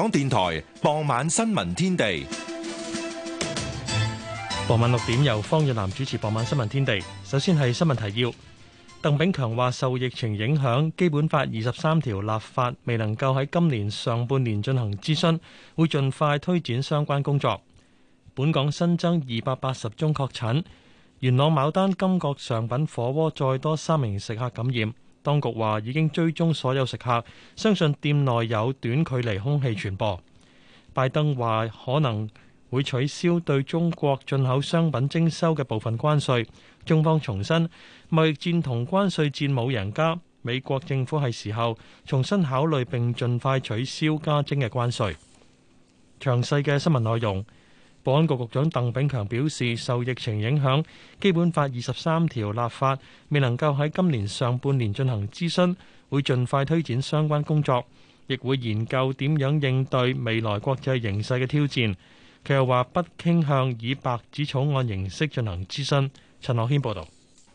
香港電台傍晚新聞天地，傍晚六點由方若南主持。傍晚新聞天地，首先係新聞提要。鄧炳強話受疫情影響，基本法二十三條立法未能夠喺今年上半年進行諮詢，會盡快推展相關工作。本港新增二百八十宗確診，元朗牡丹金閣上品火鍋再多三名食客感染。當局話已經追蹤所有食客，相信店內有短距離空氣傳播。拜登話可能會取消對中國進口商品徵收嘅部分關稅。中方重申，貿易戰同關稅戰冇贏家。美國政府係時候重新考慮並盡快取消加徵嘅關稅。詳細嘅新聞內容。保安局局長鄧炳強表示，受疫情影響，基本法二十三條立法未能夠喺今年上半年進行諮詢，會盡快推展相關工作，亦會研究點樣應對未來國際形勢嘅挑戰。佢又話，不傾向以白紙草案形式進行諮詢。陳樂謙報道。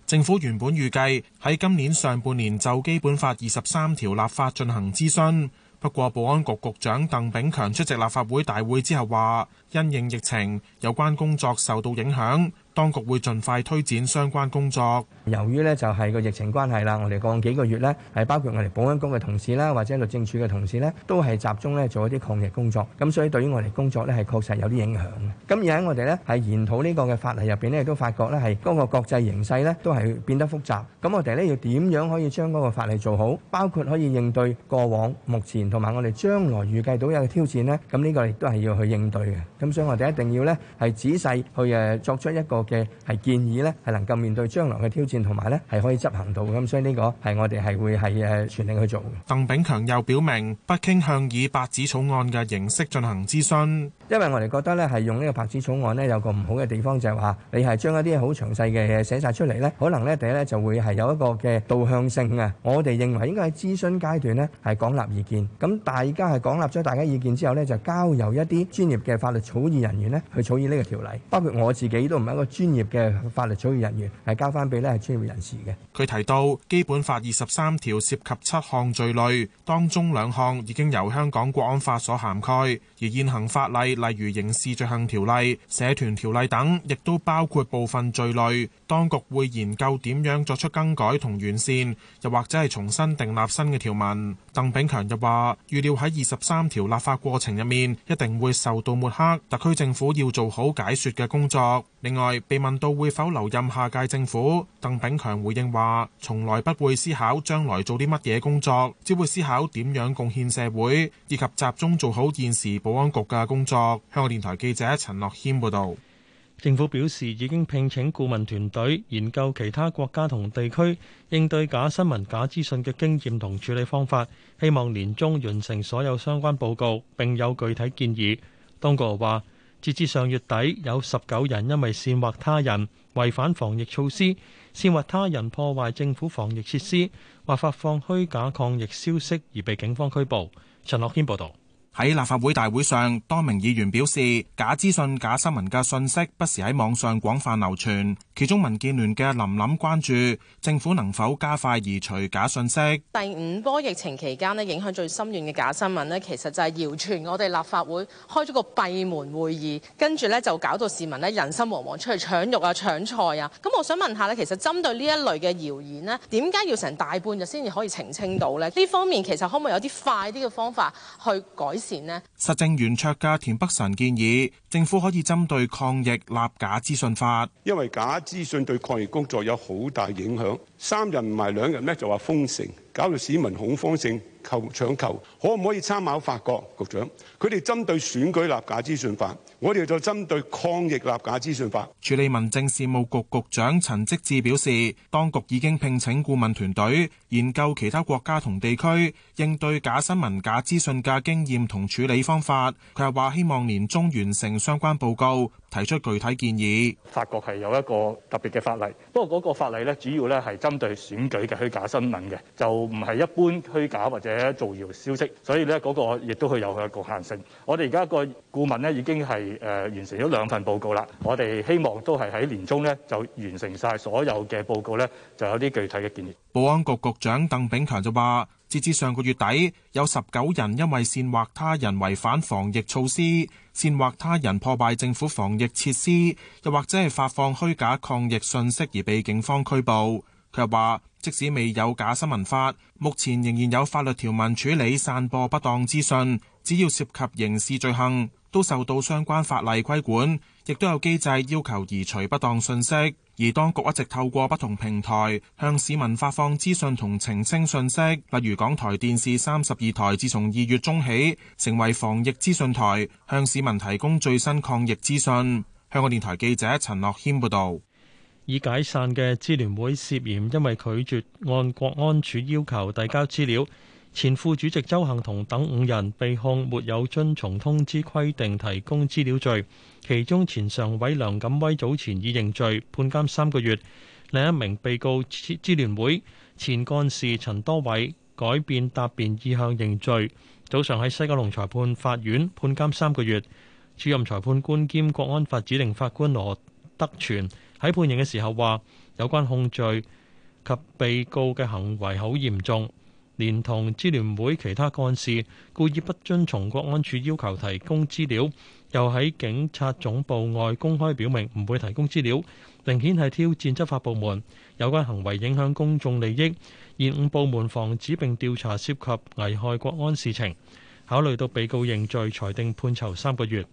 政府原本預計喺今年上半年就基本法二十三條立法進行諮詢。不過，保安局局長鄧炳強出席立法會大會之後話，因應疫情，有關工作受到影響。當局會盡快推展相關工作。由於咧就係個疫情關係啦，我哋過幾個月咧係包括我哋保安局嘅同事啦，或者律政署嘅同事咧，都係集中咧做一啲抗疫工作。咁所以對於我哋工作咧係確實有啲影響嘅。咁而喺我哋咧係研討呢個嘅法例入邊咧，亦都發覺咧係嗰個國際形勢咧都係變得複雜。咁我哋咧要點樣可以將嗰個法例做好？包括可以應對過往、目前同埋我哋將來預計到有嘅挑戰咧。咁呢個亦都係要去應對嘅。咁所以我哋一定要咧係仔細去誒作出一個嘅係建議咧，係能夠面對將來嘅挑戰，同埋咧係可以執行到嘅，咁所以呢個係我哋係會係誒全力去做嘅。鄧炳強又表明不傾向以白紙草案嘅形式進行諮詢，因為我哋覺得咧係用呢個白紙草案咧有個唔好嘅地方就係話，你係將一啲好詳細嘅嘢寫晒出嚟咧，可能咧第一咧就會係有一個嘅導向性啊。我哋認為應該喺諮詢階段咧係廣納意見，咁大家係廣納咗大家意見之後咧，就交由一啲專業嘅法律草擬人員咧去草擬呢個條例，包括我自己都唔係一個。專業嘅法律專業人員係交翻俾呢係專業人士嘅。佢提到《基本法》二十三條涉及七項罪類，當中兩項已經由香港國安法所涵蓋，而現行法例例如刑事罪行條例、社團條例等，亦都包括部分罪類。當局會研究點樣作出更改同完善，又或者係重新訂立新嘅條文。鄧炳強又話：預料喺二十三條立法過程入面，一定會受到抹黑，特區政府要做好解說嘅工作。另外，被問到會否留任下屆政府，鄧炳強回應話：從來不會思考將來做啲乜嘢工作，只會思考點樣貢獻社會，以及集中做好現時保安局嘅工作。香港電台記者陳樂軒報道，政府表示已經聘請顧問團隊研究其他國家同地區應對假新聞、假資訊嘅經驗同處理方法，希望年中完成所有相關報告並有具體建議。當局話，截至上月底，有十九人因為煽惑他人、違反防疫措施、煽惑他人破壞政府防疫設施或發放虛假抗疫消息而被警方拘捕。陳樂軒報道。喺立法會大會上，多名議員表示假資訊、假新聞嘅信息不時喺網上廣泛流傳。其中，民建聯嘅林琳關注政府能否加快移除假信息。第五波疫情期間呢，影響最深遠嘅假新聞呢，其實就係謠傳我哋立法會開咗個閉門會議，跟住呢就搞到市民呢人心惶惶，出去搶肉啊、搶菜啊。咁我想問下呢，其實針對呢一類嘅謠言呢，點解要成大半日先至可以澄清到呢？呢方面其實可唔可以有啲快啲嘅方法去改善？前咧，實政圓桌嘅田北辰建議政府可以針對抗疫立假資訊法，因為假資訊對抗疫工作有好大影響。三日唔埋兩日，呢就話封城，搞到市民恐慌性購搶購，可唔可以參考法國局長？佢哋針對選舉立假資訊法。我哋就針對抗疫立假資訊法，處理民政事務局局長陳積志表示，當局已經聘請顧問團隊研究其他國家同地區應對假新聞、假資訊嘅經驗同處理方法。佢係話希望年中完成相關報告，提出具體建議。法國係有一個特別嘅法例，不過嗰個法例呢，主要呢係針對選舉嘅虛假新聞嘅，就唔係一般虛假或者造謠消息，所以呢，嗰個亦都係有佢嘅局限性。我哋而家個顧問呢已經係。誒、呃、完成咗兩份報告啦，我哋希望都係喺年中呢，就完成晒所有嘅報告呢就有啲具體嘅建議。保安局局長鄧炳強就話，截至上個月底，有十九人因為煽惑他人違反防疫措施、煽惑他人破壞政府防疫設施，又或者係發放虛假抗疫訊息而被警方拘捕。佢又話，即使未有假新聞法，目前仍然有法律條文處理散播不當資訊，只要涉及刑事罪行。都受到相關法例規管，亦都有機制要求移除不當信息。而當局一直透過不同平台向市民發放資訊同澄清信息，例如港台電視三十二台，自從二月中起成為防疫資訊台，向市民提供最新抗疫資訊。香港電台記者陳樂軒報導。已解散嘅支聯會涉嫌因為拒絕按國安處要求遞交資料。前副主席鄒幸彤等五人被控沒有遵從通知規定提供資料罪，其中前常委梁錦威早前已認罪，判監三個月。另一名被告支聯會前幹事陳多偉改變答辯意向認罪，早上喺西九龍裁判法院判監三個月。主任裁判官兼國安法指定法官羅德全喺判刑嘅時候話：有關控罪及被告嘅行為好嚴重。連同支聯會其他幹事，故意不遵從國安處要求提供資料，又喺警察總部外公開表明唔會提供資料，明顯係挑戰執法部門。有關行為影響公眾利益，現五部門防止並調查涉及危害國安事情。考慮到被告認罪裁定判囚三個月。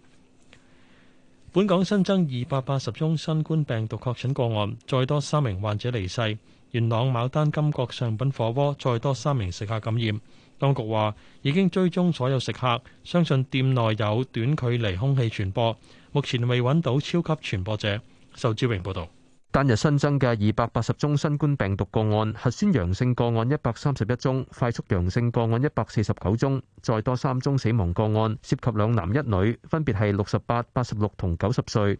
本港新增二百八十宗新冠病毒確診個案，再多三名患者離世。元朗牡丹金閣上品火鍋再多三名食客感染，當局話已經追蹤所有食客，相信店內有短距離空氣傳播，目前未揾到超級傳播者。仇志榮報道，單日新增嘅二百八十宗新冠病毒個案，核酸陽性個案一百三十一宗，快速陽性個案一百四十九宗，再多三宗死亡個案，涉及兩男一女，分別係六十八、八十六同九十歲。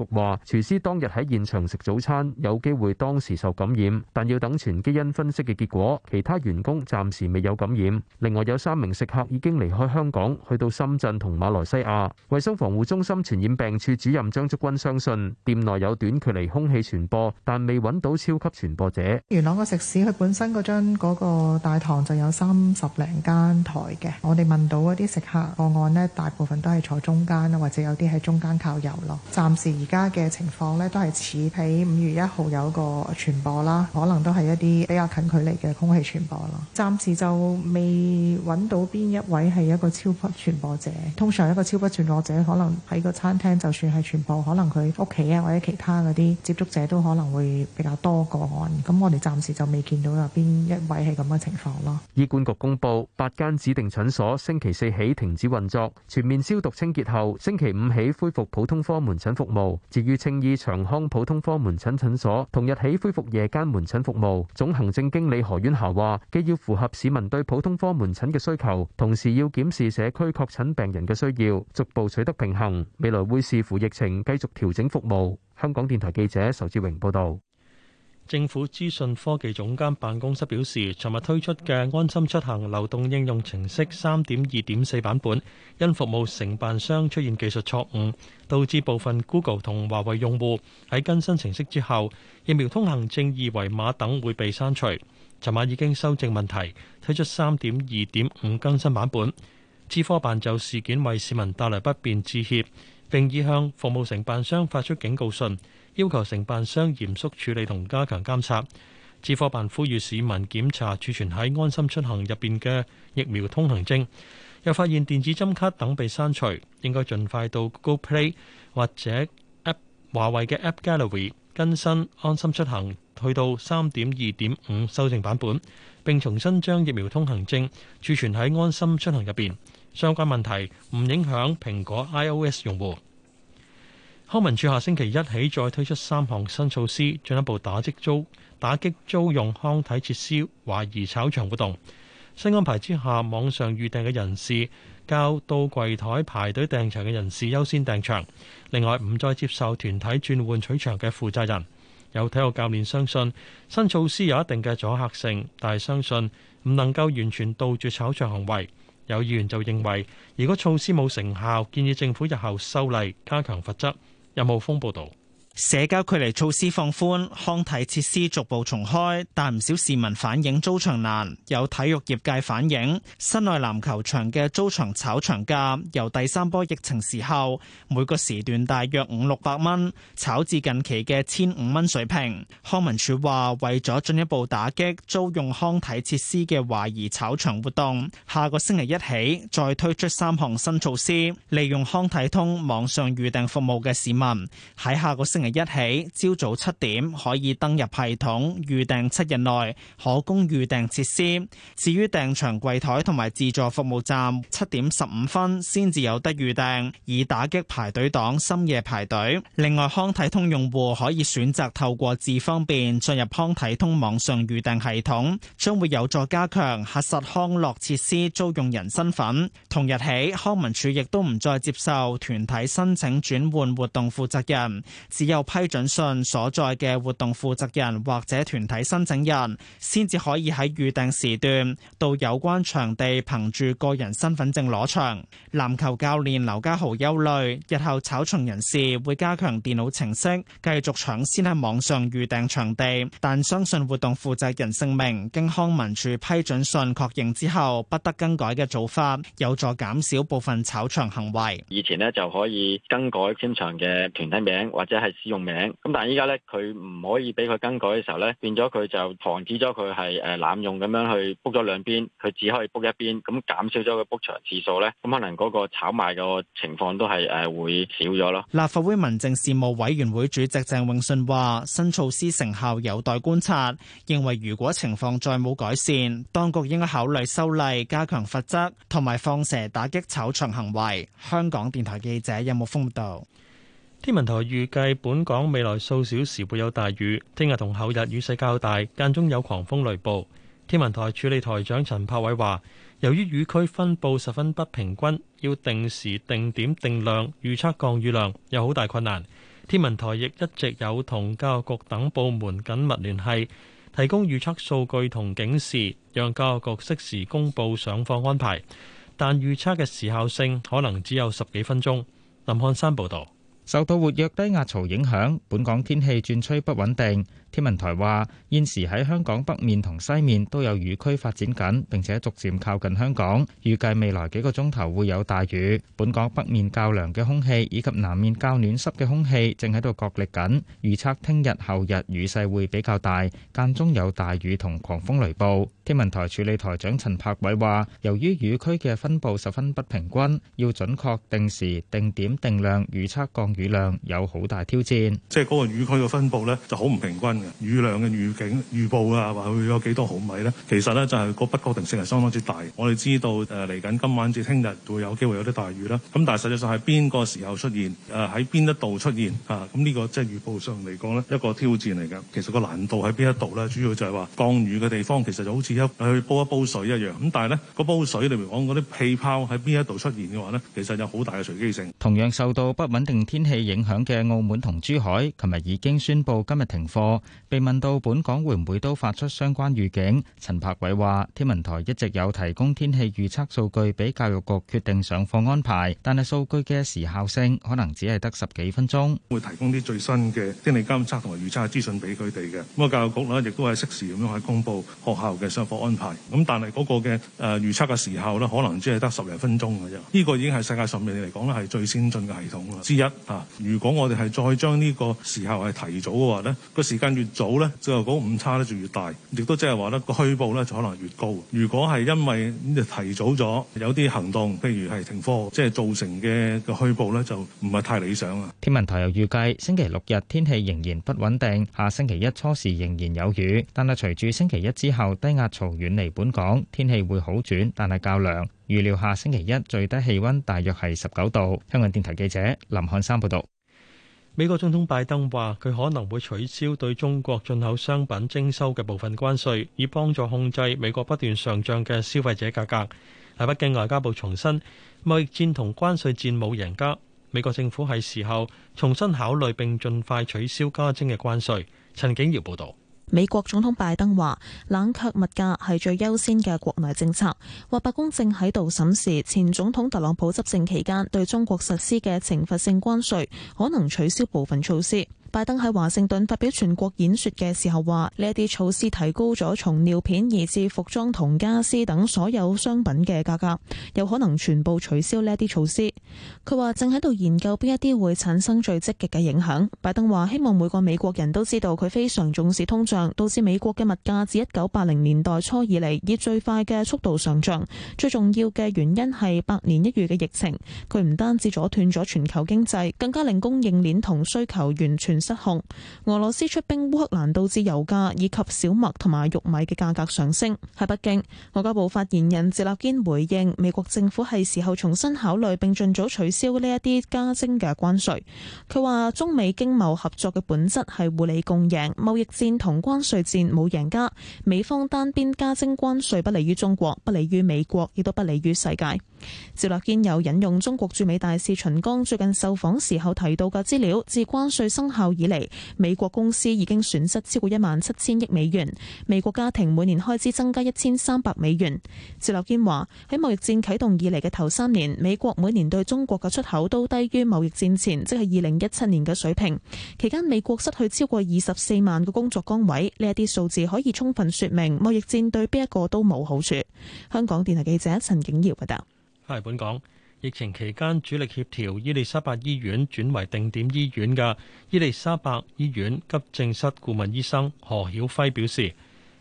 話廚師當日喺現場食早餐，有機會當時受感染，但要等全基因分析嘅結果。其他員工暫時未有感染。另外有三名食客已經離開香港，去到深圳同馬來西亞。衛生防護中心傳染病處主任張竹君相信，店內有短距離空氣傳播，但未揾到超級傳播者。元朗個食肆，佢本身嗰張嗰個大堂就有三十零間台嘅，我哋問到嗰啲食客個案呢，大部分都係坐中間啦，或者有啲喺中間靠右咯。暫時家嘅情況咧，都係似喺五月一號有個傳播啦，可能都係一啲比較近距離嘅空氣傳播啦。暫時就未揾到邊一位係一個超級傳播者。通常一個超級傳播者，可能喺個餐廳就算係傳播，可能佢屋企啊或者其他嗰啲接觸者都可能會比較多個案。咁我哋暫時就未見到有邊一位係咁嘅情況咯。醫管局公布八間指定診所星期四起停止運作，全面消毒清潔後，星期五起恢復普通科門診服務。至於青衣長康普通科門診診所，同日起恢復夜間門診服務。總行政經理何婉霞話：既要符合市民對普通科門診嘅需求，同時要檢視社區確診病人嘅需要，逐步取得平衡。未來會視乎疫情繼續調整服務。香港電台記者仇志榮報導。政府資訊科技總監辦公室表示，尋日推出嘅安心出行流動應用程式3.2.4版本，因服務承辦商出現技術錯誤，導致部分 Google 同華為用戶喺更新程式之後，疫苗通行證二維碼等會被刪除。尋晚已經修正問題，推出3.2.5更新版本。資科辦就事件為市民帶來不便致歉，並已向服務承辦商發出警告信。要求承辦商嚴肅處理同加強監察，資科辦呼籲市民檢查儲存喺安心出行入邊嘅疫苗通行證，又發現電子針卡等被刪除，應該盡快到 Google Play 或者華為嘅 App Gallery 更新安心出行去到3.2.5修正版本，並重新將疫苗通行證儲存喺安心出行入邊。相關問題唔影響蘋果 iOS 用戶。康文署下星期一起再推出三項新措施，進一步打擊租打擊租用康體設施、懷疑炒場活動。新安排之下，網上預訂嘅人士較到櫃台排隊訂場嘅人士優先訂場。另外，唔再接受團體轉換取場嘅負責人。有體育教練相信新措施有一定嘅阻嚇性，但係相信唔能夠完全杜絕炒場行為。有議員就認為，如果措施冇成效，建議政府日後修例加強罰則。任浩峰報道。有社交距離措施放寬，康體設施逐步重開，但唔少市民反映租場難。有體育業界反映，室內籃球場嘅租場炒場價由第三波疫情時候每個時段大約五六百蚊，炒至近期嘅千五蚊水平。康文署話，為咗進一步打擊租用康體設施嘅懷疑炒場活動，下個星期一起再推出三項新措施，利用康體通網上預訂服務嘅市民喺下個星期。日一起，朝早七點可以登入系統預訂七日內可供預訂設施。至於訂場櫃台同埋自助服務站，七點十五分先至有得預訂，以打擊排隊黨深夜排隊。另外，康體通用戶可以選擇透過智方便進入康體通網上預訂系統，將會有助加強核實康樂設施租用人身份。同日起，康文署亦都唔再接受團體申請轉換活動負責人。有批准信所在嘅活動負責人或者團體申請人，先至可以喺預定時段到有關場地憑住個人身份證攞場。籃球教練劉家豪憂慮，日後炒場人士會加強電腦程式，繼續搶先喺網上預訂場地。但相信活動負責人姓名經康文署批准信確認之後，不得更改嘅做法，有助減少部分炒場行為。以前咧就可以更改簽場嘅團體名或者係使用名咁，但係依家咧，佢唔可以俾佢更改嘅時候咧，變咗佢就防止咗佢係誒濫用咁樣去 book 咗兩邊，佢只可以 book 一邊，咁減少咗佢 book 場次數咧，咁可能嗰個炒賣個情況都係誒會少咗咯。立法會民政事務委員會主席鄭泳舜話：新措施成效有待觀察，認為如果情況再冇改善，當局應該考慮修例加強罰則同埋放蛇打擊炒場行為。香港電台記者任木峰報道。天文台預計本港未來數小時會有大雨，聽日同後日雨勢較大，間中有狂風雷暴。天文台助理台長陳柏偉話，由於雨區分佈十分不平均，要定時、定點、定量預測降雨量有好大困難。天文台亦一直有同教育局等部門緊密聯繫，提供預測數據同警示，讓教育局適時公佈上課安排。但預測嘅時效性可能只有十幾分鐘。林漢山報導。受到活躍低壓槽影響，本港天氣轉趨不穩定。天文台話現時喺香港北面同西面都有雨區發展緊，並且逐漸靠近香港。預計未來幾個鐘頭會有大雨。本港北面較涼嘅空氣以及南面較暖濕嘅空氣正喺度角力緊。預測聽日，後日雨勢會比較大，間中有大雨同狂風雷暴。天文台助理台長陳柏偉話，由於雨區嘅分布十分不平均，要準確定時定點定量預測降雨量有好大挑戰，即係嗰個雨區嘅分布咧，就好唔平均。雨量嘅預警預報啊，或者會有幾多毫米呢？其實呢，就係個不確定性係相當之大。我哋知道誒嚟緊今晚至聽日會有機會有啲大雨啦。咁但係實際上係邊個時候出現？誒喺邊一度出現啊？咁呢個即係預報上嚟講呢，一個挑戰嚟嘅。其實個難度喺邊一度呢？主要就係話降雨嘅地方其實就好似一去煲一煲水一樣。咁但係呢，個煲水裡面講嗰啲氣泡喺邊一度出現嘅話呢，其實有好大嘅隨機性。同樣受到不穩定天氣影響嘅澳門同珠海，琴日已經宣布今日停課。被問到本港會唔會都發出相關預警，陳柏偉話：天文台一直有提供天氣預測數據俾教育局決定上課安排，但係數據嘅時效性可能只係得十幾分鐘。會提供啲最新嘅天氣監測同埋預測資訊俾佢哋嘅。咁啊，教育局呢亦都係適時咁樣去公布學校嘅上課安排。咁但係嗰個嘅誒、呃、預測嘅時效呢，可能只係得十零分鐘嘅啫。呢、呢個已經係世界上面嚟講咧係最先進嘅系統啦之一啊！如果我哋係再將呢個時效係提早嘅話呢。個時間越早呢，最後嗰誤差呢就越大，亦都即係話呢個虛報呢就可能越高。如果係因為提早咗有啲行動，譬如係停課，即係造成嘅個虛報呢就唔係太理想啊。天文台又預計星期六日天氣仍然不穩定，下星期一初時仍然有雨，但係隨住星期一之後低壓槽遠離本港，天氣會好轉，但係較涼。預料下星期一最低氣溫大約係十九度。香港電台記者林漢山報道。美國總統拜登話佢可能會取消對中國進口商品徵收嘅部分關稅，以幫助控制美國不斷上漲嘅消費者價格。喺北京外交部重申，貿易戰同關稅戰冇贏家，美國政府係時候重新考慮並盡快取消加徵嘅關稅。陳景瑤報道。美國總統拜登話，冷卻物價係最優先嘅國內政策。話白宮正喺度審視前總統特朗普執政期間對中國實施嘅懲罰性關稅，可能取消部分措施。拜登喺華盛頓發表全國演說嘅時候話：呢一啲措施提高咗從尿片以至服裝同家私等所有商品嘅價格，有可能全部取消呢一啲措施。佢話正喺度研究邊一啲會產生最積極嘅影響。拜登話：希望每個美國人都知道佢非常重視通脹，導致美國嘅物價自一九八零年代初以嚟以最快嘅速度上漲。最重要嘅原因係百年一遇嘅疫情，佢唔單止阻斷咗全球經濟，更加令供應鏈同需求完全。失控，俄羅斯出兵烏克蘭導致油價以及小麥同埋玉米嘅價格上升。喺北京，外交部發言人趙立堅回應：美國政府係時候重新考慮並盡早取消呢一啲加徵嘅關稅。佢話中美經貿合作嘅本質係互利共贏，貿易戰同關稅戰冇贏家。美方單邊加徵關稅不利於中國，不利於美國，亦都不利於世界。趙立堅又引用中國駐美大使秦剛最近受訪時候提到嘅資料，自關稅生效以嚟，美國公司已經損失超過一萬七千億美元，美國家庭每年開支增加一千三百美元。趙立堅話：喺貿易戰啟動以嚟嘅頭三年，美國每年對中國嘅出口都低於貿易戰前，即係二零一七年嘅水平。期間，美國失去超過二十四萬個工作崗位。呢一啲數字可以充分說明貿易戰對邊一個都冇好處。香港電台記者陳景瑤報道。係本港疫情期間主力協調伊利沙伯醫院轉為定點醫院嘅伊利沙伯醫院急症室顧問醫生何曉輝表示，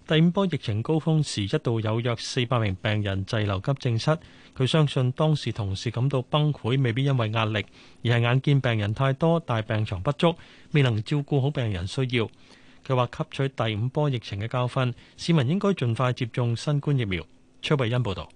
第五波疫情高峰時一度有約四百名病人滯留急症室，佢相信當時同事感到崩潰未必因為壓力，而係眼見病人太多，但病床不足，未能照顧好病人需要。佢話吸取第五波疫情嘅教訓，市民應該盡快接種新冠疫苗。崔慧欣報道。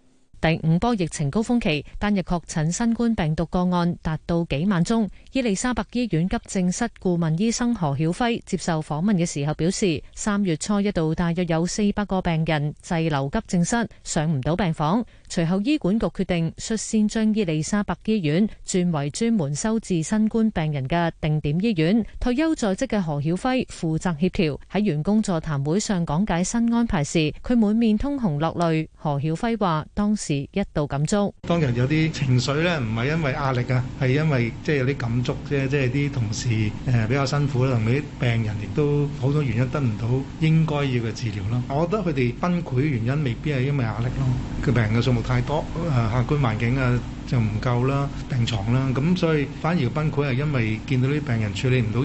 第五波疫情高峰期，單日確診新冠病毒個案達到幾萬宗。伊麗莎白醫院急症室顧問醫生何曉輝接受訪問嘅時候表示，三月初一度大約有四百個病人滯留急症室，上唔到病房。隨後醫管局決定率先將伊麗莎白醫院轉為專門收治新冠病人嘅定點醫院。退休在職嘅何曉輝負責協調，喺員工座談會上講解新安排時，佢滿面通紅落淚。何曉輝話當時。一度感觸，當日有啲情緒咧，唔係因為壓力啊，係因為即係有啲感觸啫。即係啲同事誒比較辛苦啦，同啲病人亦都好多原因得唔到應該要嘅治療啦。我覺得佢哋崩潰原因未必係因為壓力咯。佢病人嘅數目太多，誒客觀環境啊就唔夠啦，病牀啦，咁所以反而崩潰係因為見到啲病人處理唔到而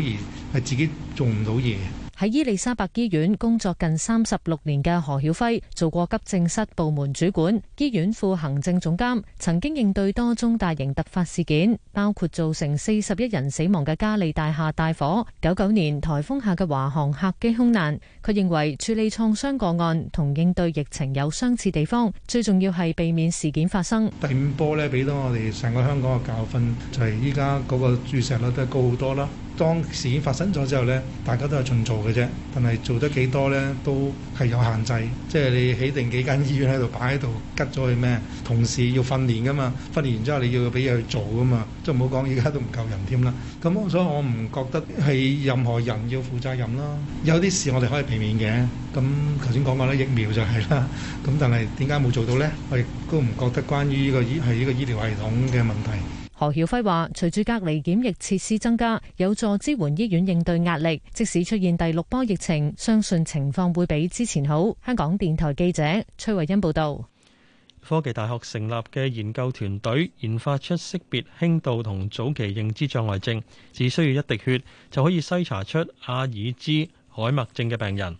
係自己做唔到嘢。喺伊利沙伯醫院工作近三十六年嘅何曉輝，做過急症室部門主管、醫院副行政總監，曾經應對多宗大型突發事件，包括造成四十一人死亡嘅嘉利大廈大火、九九年台風下嘅華航客機空難。佢認為處理創傷個案同應對疫情有相似地方，最重要係避免事件發生。第五波呢，俾到我哋成個香港嘅教訓，就係依家嗰個注射率都係高好多啦。當事件發生咗之後咧，大家都係盡做嘅啫，但係做得幾多咧都係有限制，即係你起定幾間醫院喺度擺喺度，吉咗去咩？同時要訓練㗎嘛，訓練完之後你要俾嘢去做㗎嘛，即係唔好講依家都唔夠人添啦。咁所以我唔覺得係任何人要負責任囉。有啲事我哋可以避免嘅，咁頭先講過咧，疫苗就係啦。咁但係點解冇做到咧？我亦都唔覺得關於依個醫係依個醫療系統嘅問題。何曉輝話，隨住隔離檢疫設施增加，有助支援醫院應對壓力。即使出現第六波疫情，相信情況會比之前好。香港電台記者崔慧欣報道。科技大學成立嘅研究團隊研發出識別輕度同早期認知障礙症，只需要一滴血就可以篩查出阿爾茲海默症嘅病人，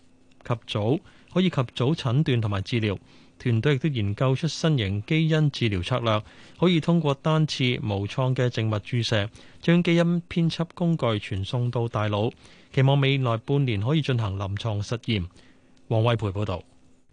及早可以及早診斷同埋治療。團隊亦都研究出新型基因治療策略，可以通過單次無創嘅靜脈注射，將基因編輯工具傳送到大腦，期望未來半年可以進行臨床實驗。王惠培報導。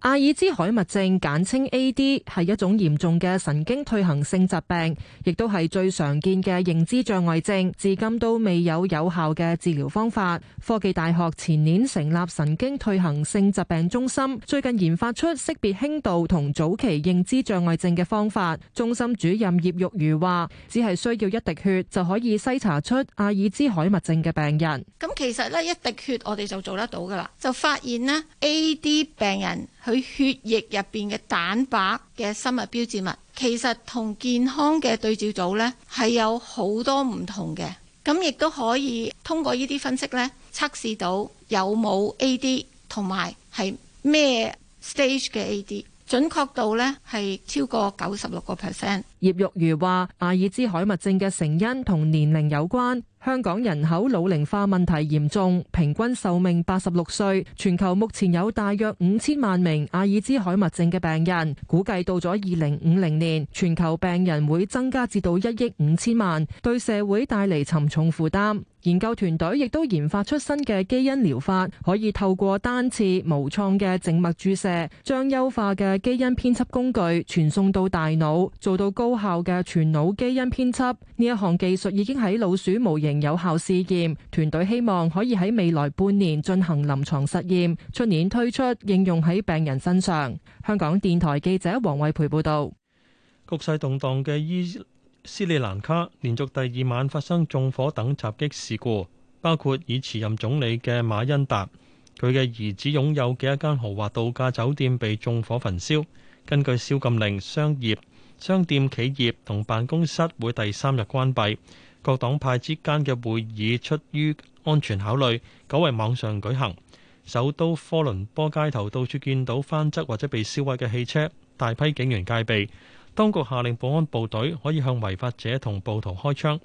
阿爾茲海默症簡稱 AD，係一種嚴重嘅神經退行性疾病，亦都係最常見嘅認知障礙症。至今都未有有效嘅治療方法。科技大學前年成立神經退行性疾病中心，最近研發出識別輕度同早期認知障礙症嘅方法。中心主任葉玉如話，只係需要一滴血就可以篩查出阿爾茲海默症嘅病人。咁其實呢，一滴血我哋就做得到噶啦，就發現呢 AD 病人。佢血液入邊嘅蛋白嘅生物標誌物，其實同健康嘅對照組咧係有好多唔同嘅。咁亦都可以通過呢啲分析咧，測試到有冇 A D 同埋係咩 stage 嘅 A D，準確度咧係超過九十六個 percent。葉玉如話阿爾茲海默症嘅成因同年齡有關。香港人口老齡化問題嚴重，平均壽命八十六歲，全球目前有大約五千萬名阿爾茲海默症嘅病人，估計到咗二零五零年，全球病人會增加至到一億五千萬，對社會帶嚟沉重負擔。研究團隊亦都研發出新嘅基因療法，可以透過單次無創嘅靜脈注射，將優化嘅基因編輯工具傳送到大腦，做到高效嘅全腦基因編輯。呢一項技術已經喺老鼠模型有效試驗，團隊希望可以喺未來半年進行臨床實驗，出年推出應用喺病人身上。香港電台記者黃惠培報道：「局勢動盪嘅醫斯里蘭卡連續第二晚發生縱火等襲擊事故，包括已辭任總理嘅馬恩達，佢嘅兒子擁有嘅一間豪華度假酒店被縱火焚燒。根據宵禁令，商業商店、企業同辦公室會第三日關閉。各黨派之間嘅會議，出於安全考慮，改為網上舉行。首都科倫坡街頭到處見到翻側或者被燒毀嘅汽車，大批警員戒備。當局下令保安部隊可以向違法者同暴徒開槍，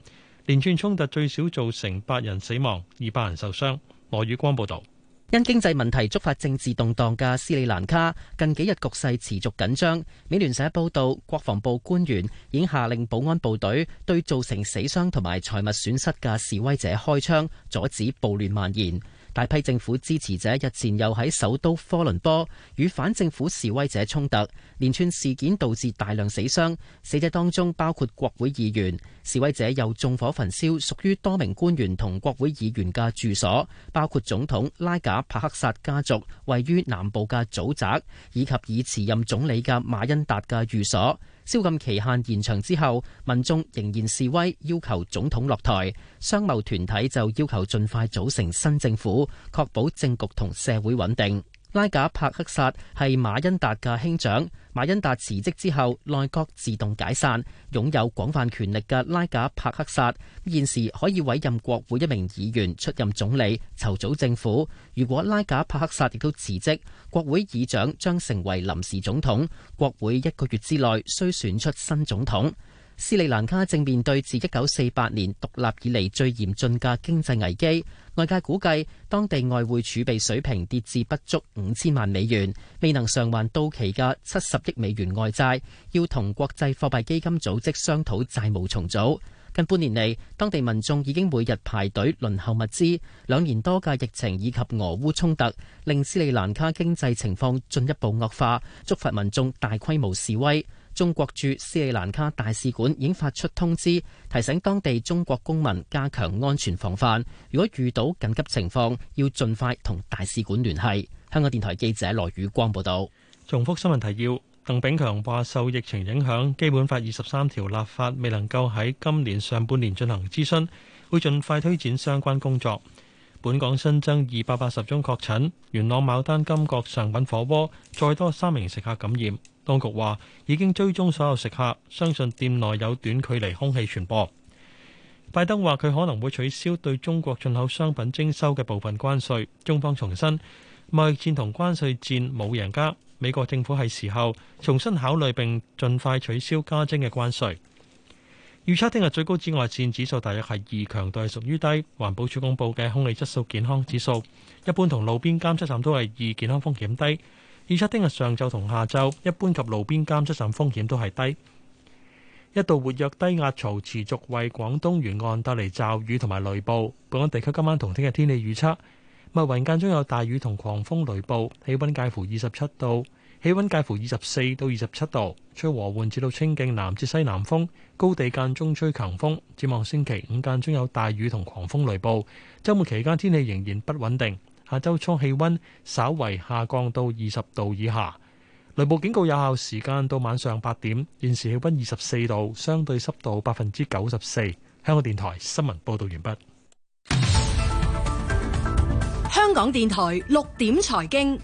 連串衝突最少造成八人死亡、二百人受傷。羅宇光報道，因經濟問題觸發政治動盪嘅斯里蘭卡，近幾日局勢持續緊張。美聯社報道，國防部官員已經下令保安部隊對造成死傷同埋財物損失嘅示威者開槍，阻止暴亂蔓延。大批政府支持者日前又喺首都科倫坡與反政府示威者衝突，連串事件導致大量死傷，死者當中包括國會議員，示威者又縱火焚燒屬於多名官員同國會議員嘅住所，包括總統拉賈帕克薩家族位於南部嘅祖宅，以及已辭任總理嘅馬恩達嘅寓所。宵禁期限延長之後，民眾仍然示威，要求總統落台，商貿團體就要求盡快組成新政府，確保政局同社會穩定。拉賈帕克薩係馬恩達嘅兄長，馬恩達辭職之後，內閣自動解散，擁有廣泛權力嘅拉賈帕克薩現時可以委任國會一名議員出任總理，籌組政府。如果拉賈帕克薩亦都辭職，國會議長將成為臨時總統，國會一個月之內需選出新總統。斯里蘭卡正面對自一九四八年獨立以嚟最嚴峻嘅經濟危機，外界估計當地外匯儲備水平跌至不足五千萬美元，未能償還到期嘅七十億美元外債，要同國際貨幣基金組織商討債，債務重組。近半年嚟，當地民眾已經每日排隊輪候物資，兩年多嘅疫情以及俄烏衝突，令斯里蘭卡經濟情況進一步惡化，觸發民眾大規模示威。中國駐斯里蘭卡大使館已經發出通知，提醒當地中國公民加強安全防範。如果遇到緊急情況，要盡快同大使館聯繫。香港電台記者羅宇光報道。重複新聞提要：鄧炳強話，受疫情影響，《基本法》二十三條立法未能夠喺今年上半年進行諮詢，會盡快推展相關工作。本港新增二百八十宗確診，元朗牡丹金閣上品火鍋再多三名食客感染。當局話已經追蹤所有食客，相信店內有短距離空氣傳播。拜登話佢可能會取消對中國進口商品徵收嘅部分關稅。中方重申貿易戰同關稅戰冇贏家，美國政府係時候重新考慮並盡快取消加徵嘅關稅。預測聽日最高紫外線指數大約係二，強度係屬於低。環保署公布嘅空氣質素健康指數，一般同路邊監測站都係二，健康風險低。預測聽日上晝同下晝，一般及路邊監測站風險都係低。一道活躍低壓槽持續為廣東沿岸帶嚟驟雨同埋雷暴。本港地區今晚同聽日天氣預測，密雲間中有大雨同狂風雷暴，氣温介乎二十七度，氣温介乎二十四到二十七度，吹和緩至到清勁南至西南風，高地間中吹強風。展望星期五間中有大雨同狂風雷暴，周末期間天氣仍然不穩定。下周初氣溫稍為下降到二十度以下，雷暴警告有效時間到晚上八點。現時氣溫二十四度，相對濕度百分之九十四。香港電台新聞報道完畢。香港電台六點財經，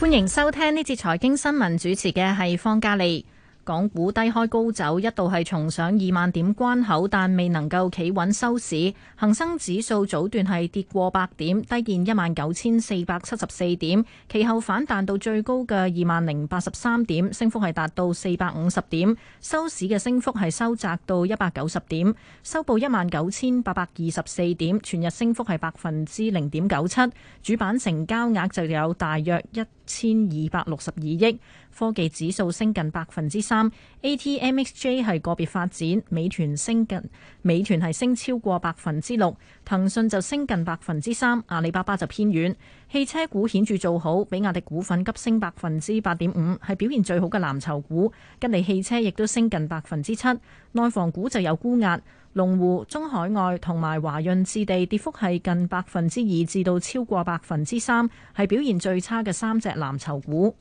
歡迎收聽呢節財經新聞，主持嘅係方嘉莉。港股低開高走，一度係重上二萬點關口，但未能夠企穩收市。恒生指數早段係跌過百點，低見一萬九千四百七十四點，其後反彈到最高嘅二萬零八十三點，升幅係達到四百五十點。收市嘅升幅係收窄到一百九十點，收報一萬九千八百二十四點，全日升幅係百分之零點九七，主板成交額就有大約一千二百六十二億，科技指數升近百分之三，ATMXJ 係個別發展，美團升近，美團係升超過百分之六。騰訊就升近百分之三，阿里巴巴就偏軟。汽車股顯著做好，比亞迪股份急升百分之八點五，係表現最好嘅藍籌股。吉利汽車亦都升近百分之七。內房股就有沽壓，龍湖、中海外同埋華潤置地跌幅係近百分之二至到超過百分之三，係表現最差嘅三隻藍籌股。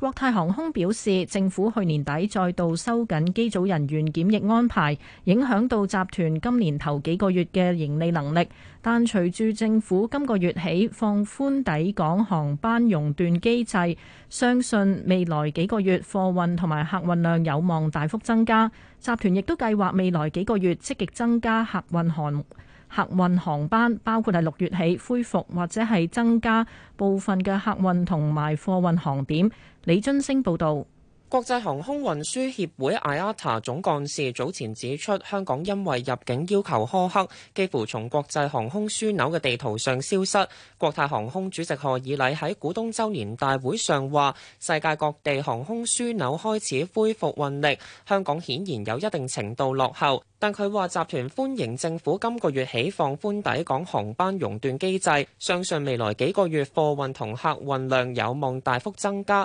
國泰航空表示，政府去年底再度收緊機組人員檢疫安排，影響到集團今年頭幾個月嘅盈利能力。但隨住政府今個月起放寬抵港航班熔斷機制，相信未來幾個月貨運同埋客運量有望大幅增加。集團亦都計劃未來幾個月積極增加客運航。客運航班包括係六月起恢復或者係增加部分嘅客運同埋貨運航點。李津星報導，國際航空運輸協會 IATA 總幹事早前指出，香港因為入境要求苛刻，幾乎從國際航空樞紐嘅地圖上消失。國泰航空主席賀以禮喺股東周年大會上話：世界各地航空樞紐開始恢復運力，香港顯然有一定程度落後。但佢話：集團歡迎政府今個月起放寬抵港航班熔斷機制，相信未來幾個月貨運同客運量有望大幅增加。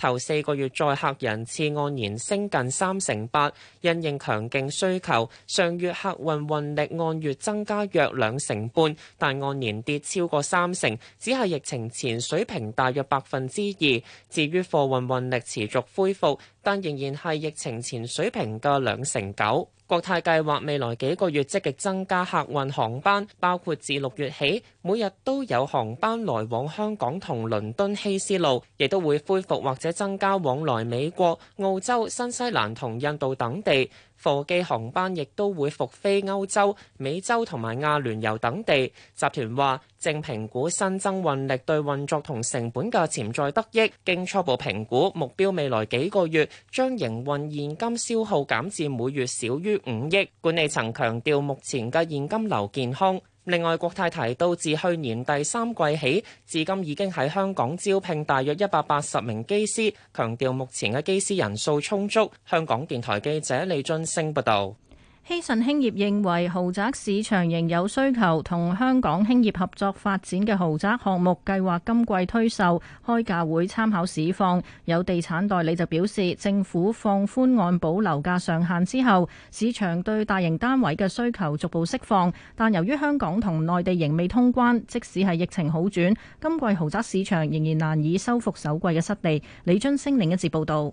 頭四個月載客人次按年升近三成八，因應強勁需求，上月客運運力按月增加約兩成半，但按年跌超過三成，只係疫情前水平大約百分之二。至於貨運運力持續恢復，但仍然係疫情前水平嘅兩成九。國泰計劃未來幾個月積極增加客運航班，包括自六月起，每日都有航班來往香港同倫敦希斯路，亦都會恢復或者增加往來美國、澳洲、新西蘭同印度等地。貨機航班亦都會復飛歐洲、美洲同埋阿聯酋等地。集團話正評估新增運力對運作同成本嘅潛在得益，經初步評估目標未來幾個月將營運現金消耗減至每月少於五億。管理層強調目前嘅現金流健康。另外，國泰提到自去年第三季起，至今已經喺香港招聘大約一百八十名機師，強調目前嘅機師人數充足。香港電台記者李俊升報導。希慎興業認為豪宅市場仍有需求，同香港興業合作發展嘅豪宅項目計劃今季推售，開價會參考市況。有地產代理就表示，政府放寬按保樓價上限之後，市場對大型單位嘅需求逐步釋放，但由於香港同內地仍未通關，即使係疫情好轉，今季豪宅市場仍然難以收復首季嘅失地。李津星另一節報導。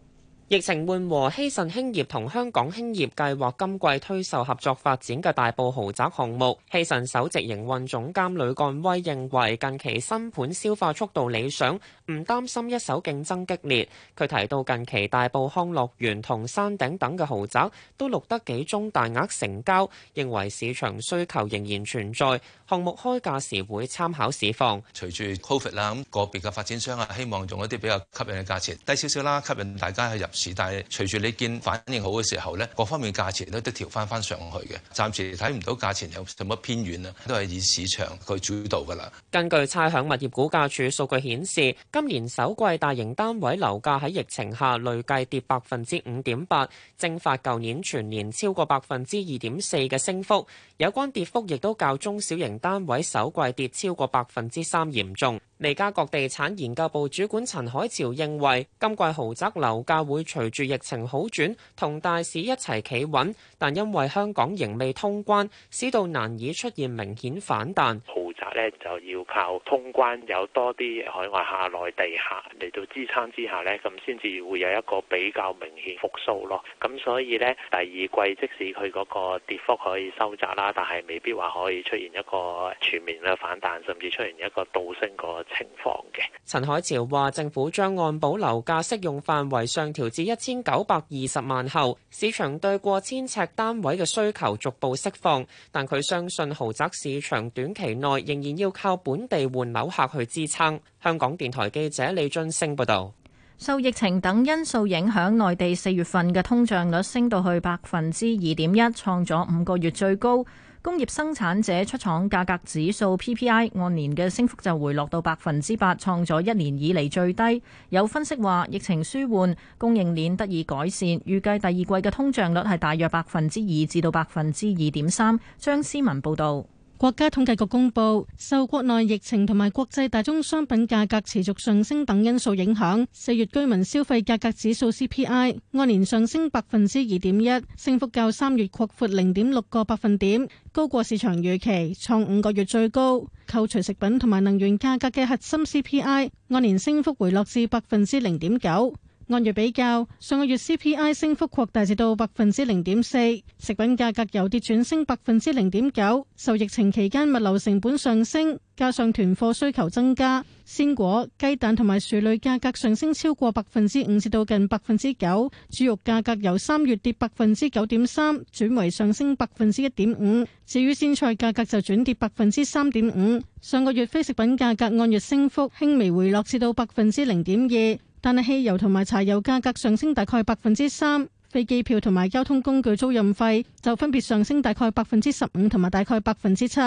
疫情緩和，希慎興業同香港興業計劃今季推售合作發展嘅大埔豪宅項目。希慎首席營運總監呂幹威認為近期新盤消化速度理想，唔擔心一手競爭激烈。佢提到近期大埔康樂園同山頂等嘅豪宅都錄得幾宗大額成交，認為市場需求仍然存在。項目開價時會參考市況。隨住 COVID 啦，咁個別嘅發展商啊，希望用一啲比較吸引嘅價錢，低少少啦，吸引大家去入。是，但係隨住你見反應好嘅時候，呢各方面價錢都都調翻翻上去嘅。暫時睇唔到價錢有什麼偏遠啊，都係以市場去主導㗎啦。根據差餉物業估價署數據顯示，今年首季大型單位樓價喺疫情下累計跌百分之五點八，蒸發舊年全年超過百分之二點四嘅升幅。有關跌幅亦都較中小型單位首季跌超過百分之三嚴重。利嘉閣地產研究部主管陳海潮認為，今季豪宅樓價會隨住疫情好轉，同大市一齊企穩，但因為香港仍未通關，使到難以出現明顯反彈。豪宅咧就要靠通關有多啲海外客、內地客嚟到支撐之下咧，咁先至會有一個比較明顯復蘇咯。咁所以咧，第二季即使佢嗰個跌幅可以收窄啦，但係未必話可以出現一個全面嘅反彈，甚至出現一個倒升個情況嘅。陳海潮話：政府將按保留價適用範圍上調至一千九百二十萬後，市場對過千尺單位嘅需求逐步釋放，但佢相信豪宅市場短期內仍然要靠本地換樓客去支撐。香港電台記者李俊升報道，受疫情等因素影響，內地四月份嘅通脹率升到去百分之二點一，創咗五個月最高。工業生產者出廠價格指數 PPI 按年嘅升幅就回落到百分之八，創咗一年以嚟最低。有分析話疫情舒緩，供應鏈得以改善，預計第二季嘅通脹率係大約百分之二至到百分之二點三。張思文報道。國家統計局公布，受國內疫情同埋國際大宗商品價格持續上升等因素影響，四月居民消費價格指數 CPI 按年上升百分之二點一，升幅較三月擴闊零點六個百分點，高過市場預期，創五個月最高。扣除食品同埋能源價格嘅核心 CPI 按年升幅回落至百分之零點九。按月比較，上個月 CPI 升幅擴大至到百分之零點四，食品價格由跌轉升百分之零點九，受疫情期間物流成本上升，加上囤貨需求增加，鮮果、雞蛋同埋薯類價格上升超過百分之五，至到近百分之九。豬肉價格由三月跌百分之九點三，轉為上升百分之一點五。至於鮮菜價格就轉跌百分之三點五。上個月非食品價格按月升幅輕微回落至到百分之零點二。但汽油同埋柴油價格上升大概百分之三，飛機票同埋交通工具租賃費就分別上升大概百分之十五同埋大概百分之七。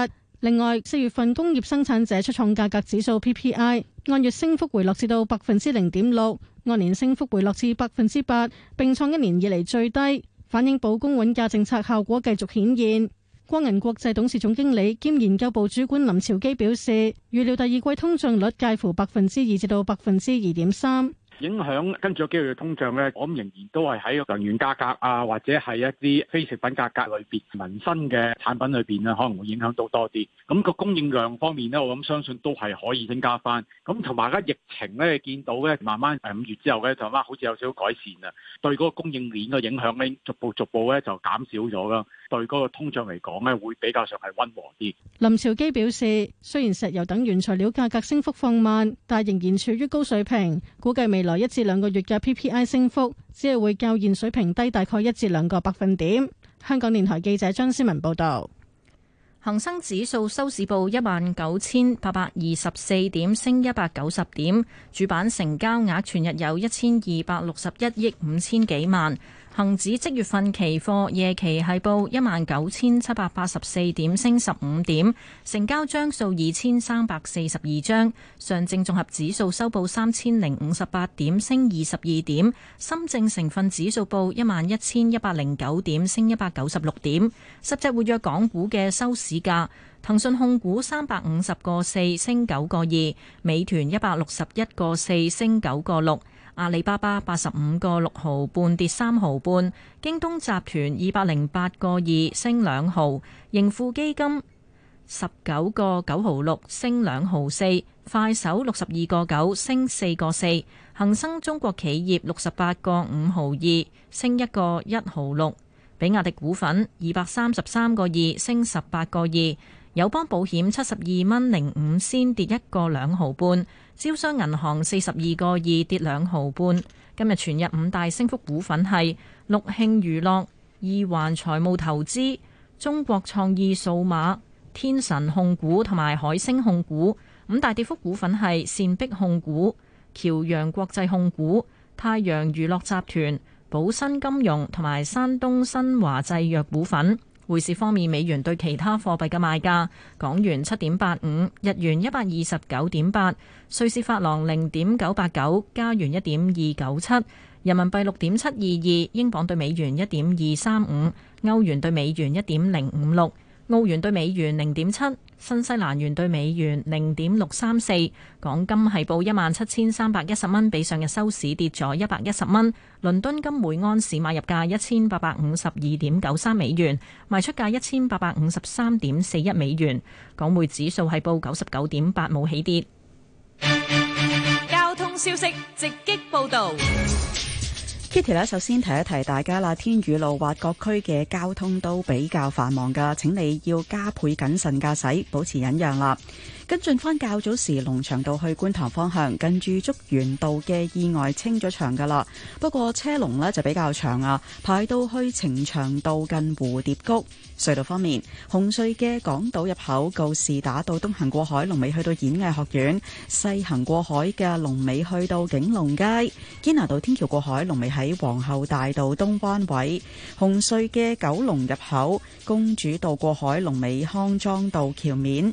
另外，四月份工業生產者出廠價格指數 PPI 按月升幅回落至到百分之零點六，按年升幅回落至百分之八，並創一年以嚟最低，反映保供穩價政策效果繼續顯現。光銀國際董事總經理兼研究部主管林朝基表示，預料第二季通脹率介乎百分之二至到百分之二點三。影響跟住個機會嘅通脹咧，我諗仍然都係喺能源價格啊，或者係一啲非食品價格裏邊、民生嘅產品裏邊咧，可能會影響到多啲。咁個供應量方面咧，我諗相信都係可以增加翻。咁同埋而家疫情咧，你見到咧慢慢誒五月之後咧，就慢慢好似有少少改善啊，對嗰個供應鏈嘅影響咧，逐步逐步咧就減少咗啦。對嗰個通脹嚟講咧，會比較上係溫和啲。林兆基表示，雖然石油等原材料價格升幅放慢，但係仍然處於高水平，估計未來一至兩個月嘅 PPI 升幅只係會較現水平低大概一至兩個百分點。香港電台記者張思文報導，恒生指數收市報一萬九千八百二十四點，升一百九十點。主板成交額全日有一千二百六十一億五千幾萬。恒指即月份期貨夜期係報一萬九千七百八十四點，升十五點，成交張數二千三百四十二張。上證綜合指數收報三千零五十八點，升二十二點。深證成分指數報一萬一千一百零九點，升一百九十六點。十隻活躍港股嘅收市價，騰訊控股三百五十個四，升九個二；美團一百六十一個四，升九個六。阿里巴巴八十五個六毫半跌三毫半，京東集團二百零八個二升兩毫，盈富基金十九個九毫六升兩毫四，快手六十二個九升四個四，恒生中國企業六十八個五毫二升一個一毫六，比亞迪股份二百三十三個二升十八個二。友邦保險七十二蚊零五仙跌一個兩毫半，招商銀行四十二個二跌兩毫半。今日全日五大升幅股份係陸慶娛樂、二環財務投資、中國創意數碼、天神控股同埋海星控股。五大跌幅股份係善碧控股、僑洋國際控股、太陽娛樂集團、寶新金融同埋山東新華製藥股份。匯市方面，美元對其他貨幣嘅賣價：港元七點八五，日元一百二十九點八，瑞士法郎零點九八九，加元一點二九七，人民幣六點七二二，英鎊對美元一點二三五，歐元對美元一點零五六。澳元兌美元零點七，新西蘭元兌美元零點六三四，港金係報一萬七千三百一十蚊，17, 10, 比上日收市跌咗一百一十蚊。倫敦金每安士買入價一千八百五十二點九三美元，賣出價一千八百五十三點四一美元。港匯指數係報九十九點八，冇起跌。交通消息直擊報道。Kitty，首先提一提大家啦，天雨路滑，各區嘅交通都比較繁忙㗎，請你要加倍謹慎駕駛，保持忍讓啦。跟進返較早時，龍翔道去觀塘方向近住竹園道嘅意外清咗場噶啦。不過車龍呢就比較長啊，排到去呈祥道近蝴蝶谷隧道方面。紅隧嘅港島入口告士打道東行過海，龍尾去到演藝學院；西行過海嘅龍尾去到景隆街。堅拿道天橋過海，龍尾喺皇后大道東灣位。紅隧嘅九龍入口公主道過海，龍尾康莊道橋面。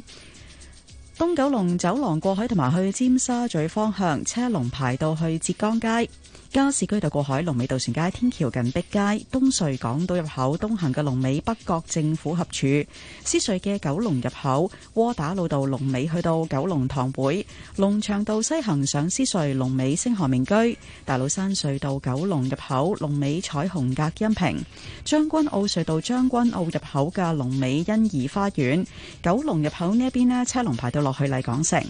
東九龍走廊過海同埋去尖沙咀方向車龍排到去浙江街。加士居道過海，龍尾渡船街天橋近碧街；東隧港島入口東行嘅龍尾北角政府合署；獅隧嘅九龍入口窩打老道龍尾去到九龍塘會；龍翔道西行上獅隧龍尾星河明居；大老山隧道九龍入口龍尾彩虹隔音屏；將軍澳隧道將軍澳入口嘅龍尾欣怡花園；九龍入口呢一邊咧車龍排到落去麗港城，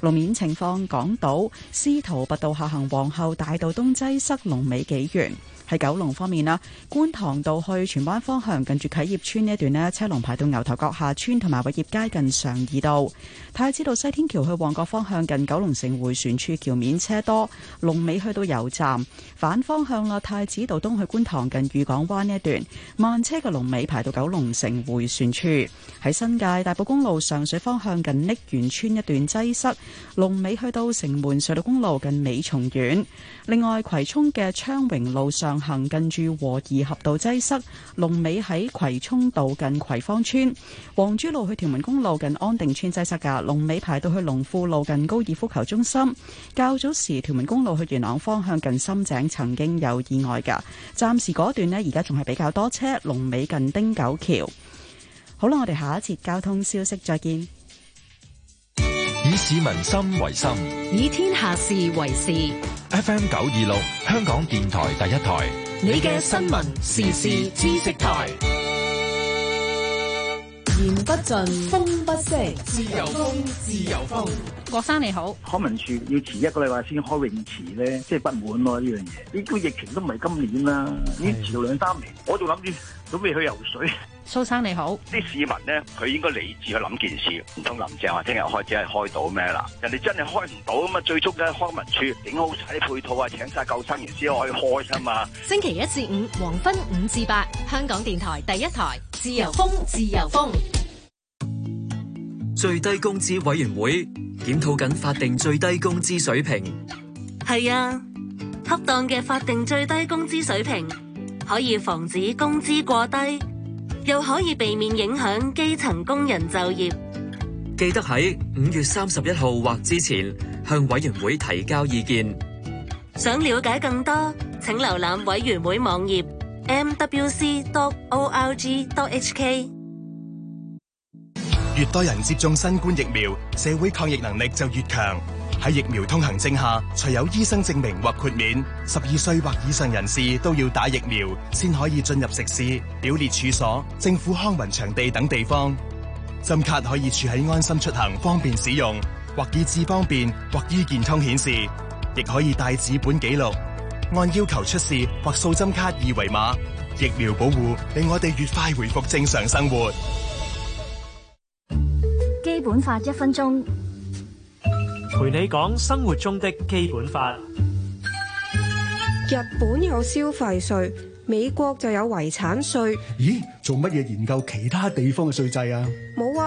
路面情況，港島司徒拔道下行皇后大道東。擠塞龍尾幾遠？喺九龍方面啦，觀塘道去荃灣方向，近住啟業村呢一段咧，車龍排到牛頭角下村同埋偉業街近常怡道。太子道西天橋去旺角方向，近九龍城回旋處橋面車多，龍尾去到油站。反方向啦，太子道東去觀塘近御港灣呢一段，慢車嘅龍尾排到九龍城回旋處。喺新界大埔公路上水方向近瀝源村一段擠塞，龍尾去到城門隧道公路近美松苑。另外，葵涌嘅昌榮路上。行近住和宜合道擠塞，龍尾喺葵涌道近葵芳村；黃珠路去屯門公路近安定村擠塞噶，龍尾排到去龍富路近高爾夫球中心。較早時屯門公路去元朗方向近深井曾經有意外噶，暫時嗰段呢，而家仲係比較多車，龍尾近汀九橋。好啦，我哋下一節交通消息再見。以民心為心，以天下事為事。FM 九二六，香港電台第一台。你嘅新聞時事知識台，言不盡，風不息，自由風，自由風。郭生你好，康文署要遲一個禮拜先開泳池咧，即係不滿咯、啊、呢樣嘢。呢個疫情都唔係今年啦、啊，嗯、已經遲到兩三年，的我仲諗住準備去游水。蘇生你好，啲市民咧，佢應該理智去諗件事，唔通林鄭話聽日開始開到咩啦？人哋真係開唔到，啊嘛，最終咧，康文署，整好晒啲配套啊，請晒救生員先可以開啊嘛。星期一至五黃昏五至八，香港電台第一台自由風，自由風。最低工資委員會檢討緊法定最低工資水平，係啊，恰當嘅法定最低工資水平可以防止工資過低，又可以避免影響基層工人就業。記得喺五月三十一號或之前向委員會提交意見。想了解更多，請瀏覽委員會網頁 mwc.org.hk。越多人接種新冠疫苗，社會抗疫能力就越強。喺疫苗通行證下，除有醫生證明或豁免，十二歲或以上人士都要打疫苗，先可以進入食肆、表列處所、政府康文場地等地方。針卡可以儲喺安心出行，方便使用，或以智方便，或醫健康顯示，亦可以帶紙本記錄，按要求出示或掃針卡二維碼。疫苗保護令我哋越快回復正常生活。基本法一分鐘。陪你講生活中的基本法。日本有消費稅，美國就有遺產稅。咦，做乜嘢研究其他地方嘅稅制啊？冇啊。